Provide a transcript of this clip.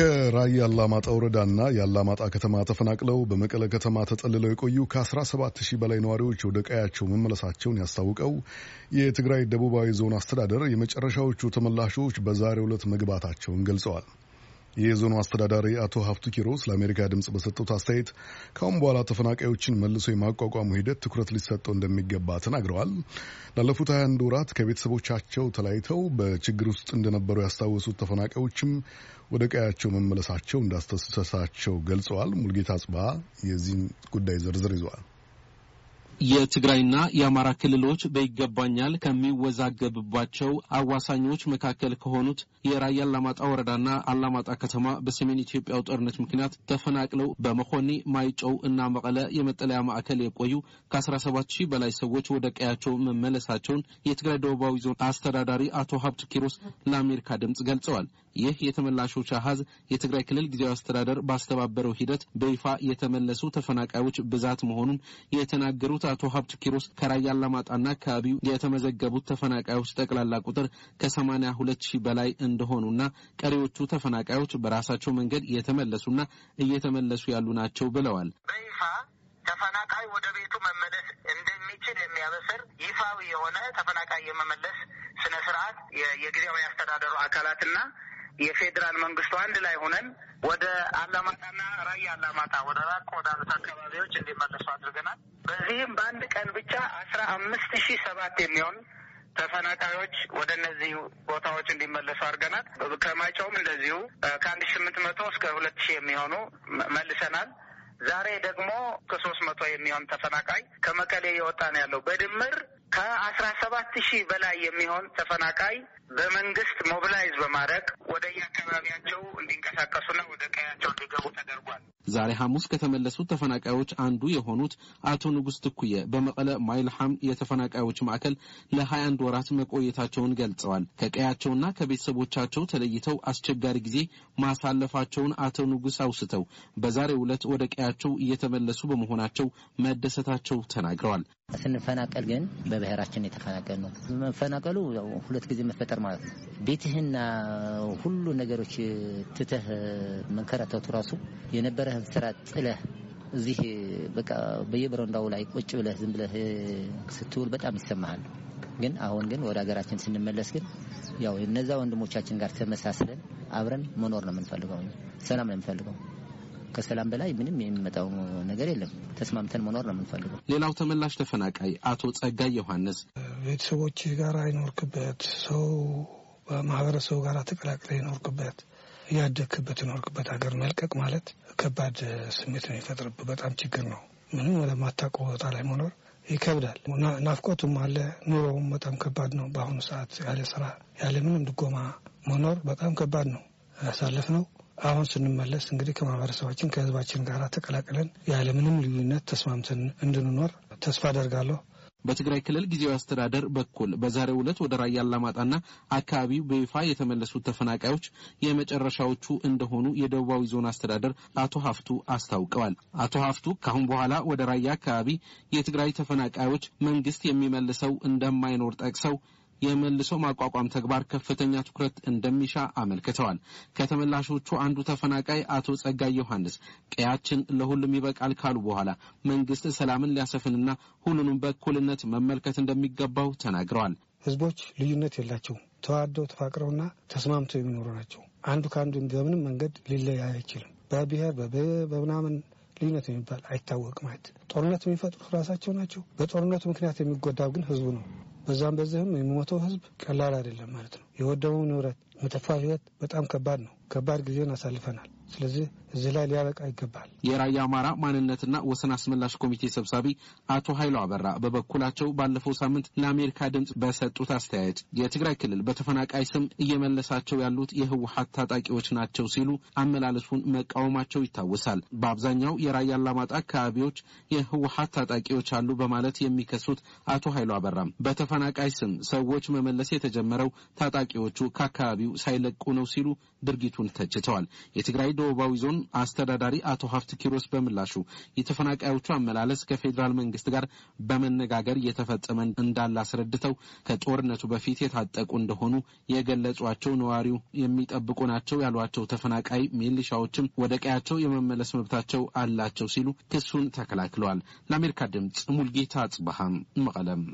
ከራያ አላማጣ ወረዳና የአላማጣ ከተማ ተፈናቅለው በመቀለ ከተማ ተጠልለው የቆዩ ከ17 ሺህ በላይ ነዋሪዎች ወደ ቀያቸው መመለሳቸውን ያስታውቀው የትግራይ ደቡባዊ ዞን አስተዳደር የመጨረሻዎቹ ተመላሾች በዛሬው ዕለት መግባታቸውን ገልጸዋል። የዞኑ አስተዳዳሪ አቶ ሀፍቱ ኪሮስ ለአሜሪካ ድምፅ በሰጡት አስተያየት ከአሁን በኋላ ተፈናቃዮችን መልሶ የማቋቋሙ ሂደት ትኩረት ሊሰጠው እንደሚገባ ተናግረዋል። ላለፉት 21 ወራት ከቤተሰቦቻቸው ተለያይተው በችግር ውስጥ እንደነበሩ ያስታወሱት ተፈናቃዮችም ወደ ቀያቸው መመለሳቸው እንዳስተሰሳቸው ገልጸዋል። ሙልጌታ ጽባ የዚህን ጉዳይ ዝርዝር ይዘዋል። የትግራይና የአማራ ክልሎች በይገባኛል ከሚወዛገብባቸው አዋሳኞች መካከል ከሆኑት የራያ አላማጣ ወረዳና አላማጣ ከተማ በሰሜን ኢትዮጵያው ጦርነት ምክንያት ተፈናቅለው በመኮኒ ማይጨው እና መቀለ የመጠለያ ማዕከል የቆዩ ከ17 ሺህ በላይ ሰዎች ወደ ቀያቸው መመለሳቸውን የትግራይ ደቡባዊ ዞን አስተዳዳሪ አቶ ሀብት ኪሮስ ለአሜሪካ ድምጽ ገልጸዋል። ይህ የተመላሾች አሀዝ የትግራይ ክልል ጊዜያዊ አስተዳደር ባስተባበረው ሂደት በይፋ የተመለሱ ተፈናቃዮች ብዛት መሆኑን የተናገሩት አቶ ሀብት ኪሮስ ከራያ አላማጣና አካባቢው የተመዘገቡት ተፈናቃዮች ጠቅላላ ቁጥር ከሰማኒያ ሁለት ሺህ በላይ እንደሆኑና ቀሪዎቹ ተፈናቃዮች በራሳቸው መንገድ እየተመለሱና እየተመለሱ ያሉ ናቸው ብለዋል። በይፋ ተፈናቃይ ወደ ቤቱ መመለስ እንደሚችል የሚያበስር ይፋዊ የሆነ ተፈናቃይ የመመለስ ስነ ስርዓት የጊዜያዊ አስተዳደሩ አካላትና የፌዴራል መንግስቱ አንድ ላይ ሆነን ወደ አላማጣና ራያ አላማጣ ወደ ራቅ ወዳሉት አካባቢዎች እንዲመለሱ አድርገናል። በዚህም በአንድ ቀን ብቻ አስራ አምስት ሺህ ሰባት የሚሆን ተፈናቃዮች ወደ እነዚህ ቦታዎች እንዲመለሱ አድርገናል። ከማይጨውም እንደዚሁ ከአንድ ስምንት መቶ እስከ ሁለት ሺህ የሚሆኑ መልሰናል። ዛሬ ደግሞ ከሶስት መቶ የሚሆን ተፈናቃይ ከመቀሌ እየወጣ ነው ያለው። በድምር ከአስራ ሰባት ሺህ በላይ የሚሆን ተፈናቃይ በመንግስት ሞቢላይዝ በማድረግ ወደ የአካባቢያቸው እንዲንቀሳቀሱና ወደ ቀያቸው እንዲገቡ ተደርጓል። ዛሬ ሐሙስ ከተመለሱት ተፈናቃዮች አንዱ የሆኑት አቶ ንጉስ ትኩየ በመቀለ ማይልሃም የተፈናቃዮች ማዕከል ለሀያ አንድ ወራት መቆየታቸውን ገልጸዋል። ከቀያቸውና ከቤተሰቦቻቸው ተለይተው አስቸጋሪ ጊዜ ማሳለፋቸውን አቶ ንጉስ አውስተው በዛሬው ዕለት ወደ ቀያቸው እየተመለሱ በመሆናቸው መደሰታቸው ተናግረዋል። ስንፈናቀል ግን በብሔራችን የተፈናቀል ነው። መፈናቀሉ ሁለት ጊዜ መፈጠር ማለት ነው። ቤትህና ሁሉ ነገሮች ትተህ መንከራተቱ ራሱ የነበረህን ስራ ጥለህ እዚህ በቃ በየበረንዳው ላይ ቁጭ ብለህ ዝም ብለህ ስትውል በጣም ይሰማሃል። ግን አሁን ግን ወደ ሀገራችን ስንመለስ ግን ያው እነዛ ወንድሞቻችን ጋር ተመሳስለን አብረን መኖር ነው የምንፈልገው፣ ሰላም ነው የምንፈልገው። ከሰላም በላይ ምንም የሚመጣው ነገር የለም። ተስማምተን መኖር ነው የምንፈልገው። ሌላው ተመላሽ ተፈናቃይ አቶ ጸጋይ ዮሐንስ ቤተሰቦች ጋር አይኖርክበት ሰው በማህበረሰቡ ጋር ተቀላቅለ ይኖርክበት ያደግክበት ይኖርክበት ሀገር መልቀቅ ማለት ከባድ ስሜት ነው የሚፈጥርብህ። በጣም ችግር ነው። ምንም ወደማታውቀው ቦታ ላይ መኖር ይከብዳል። ናፍቆቱም አለ። ኑሮውም በጣም ከባድ ነው። በአሁኑ ሰዓት ያለ ስራ ያለ ምንም ድጎማ መኖር በጣም ከባድ ነው። ያሳለፍ ነው አሁን ስንመለስ እንግዲህ ከማህበረሰባችን ከህዝባችን ጋር ተቀላቅለን ያለምንም ልዩነት ተስማምተን እንድንኖር ተስፋ አደርጋለሁ። በትግራይ ክልል ጊዜያዊ አስተዳደር በኩል በዛሬው ዕለት ወደ ራያ አላማጣና አካባቢው በይፋ የተመለሱት ተፈናቃዮች የመጨረሻዎቹ እንደሆኑ የደቡባዊ ዞን አስተዳደር አቶ ሀፍቱ አስታውቀዋል። አቶ ሀፍቱ ከአሁን በኋላ ወደ ራያ አካባቢ የትግራይ ተፈናቃዮች መንግስት የሚመልሰው እንደማይኖር ጠቅሰው የመልሶ ማቋቋም ተግባር ከፍተኛ ትኩረት እንደሚሻ አመልክተዋል። ከተመላሾቹ አንዱ ተፈናቃይ አቶ ጸጋይ ዮሐንስ ቀያችን ለሁሉም ይበቃል ካሉ በኋላ መንግስት ሰላምን ሊያሰፍንና ሁሉንም በእኩልነት መመልከት እንደሚገባው ተናግረዋል። ህዝቦች ልዩነት የላቸውም። ተዋደው ተፋቅረውና ተስማምተው የሚኖሩ ናቸው። አንዱ ከአንዱ በምንም መንገድ ሊለይ አይችልም። በብሔር በምናምን ልዩነት የሚባል አይታወቅም። ማለት ጦርነት የሚፈጥሩት ራሳቸው ናቸው። በጦርነቱ ምክንያት የሚጎዳው ግን ህዝቡ ነው። በዛም በዚህም የሚሞተው ህዝብ ቀላል አይደለም ማለት ነው። የወደመው ንብረት፣ የጠፋው ህይወት በጣም ከባድ ነው። ከባድ ጊዜን አሳልፈናል። ስለዚህ እዚህ ላይ ሊያበቃ ይገባል። የራያ አማራ ማንነትና ወሰን አስመላሽ ኮሚቴ ሰብሳቢ አቶ ኃይሉ አበራ በበኩላቸው ባለፈው ሳምንት ለአሜሪካ ድምፅ በሰጡት አስተያየት የትግራይ ክልል በተፈናቃይ ስም እየመለሳቸው ያሉት የህወሀት ታጣቂዎች ናቸው ሲሉ አመላለሱን መቃወማቸው ይታወሳል። በአብዛኛው የራያ አላማጣ አካባቢዎች የህወሀት ታጣቂዎች አሉ በማለት የሚከሱት አቶ ኃይሉ አበራም በተፈናቃይ ስም ሰዎች መመለስ የተጀመረው ታጣቂዎቹ ከአካባቢው ሳይለቁ ነው ሲሉ ድርጊቱን ተችተዋል። የትግራይ ደቡባዊ ዞን አስተዳዳሪ አቶ ሀፍት ኪሮስ በምላሹ የተፈናቃዮቹ አመላለስ ከፌዴራል መንግስት ጋር በመነጋገር እየተፈጸመ እንዳለ አስረድተው ከጦርነቱ በፊት የታጠቁ እንደሆኑ የገለጿቸው ነዋሪው የሚጠብቁ ናቸው ያሏቸው ተፈናቃይ ሚሊሻዎችም ወደ ቀያቸው የመመለስ መብታቸው አላቸው ሲሉ ክሱን ተከላክለዋል። ለአሜሪካ ድምጽ ሙልጌታ አጽበሃም መቀለም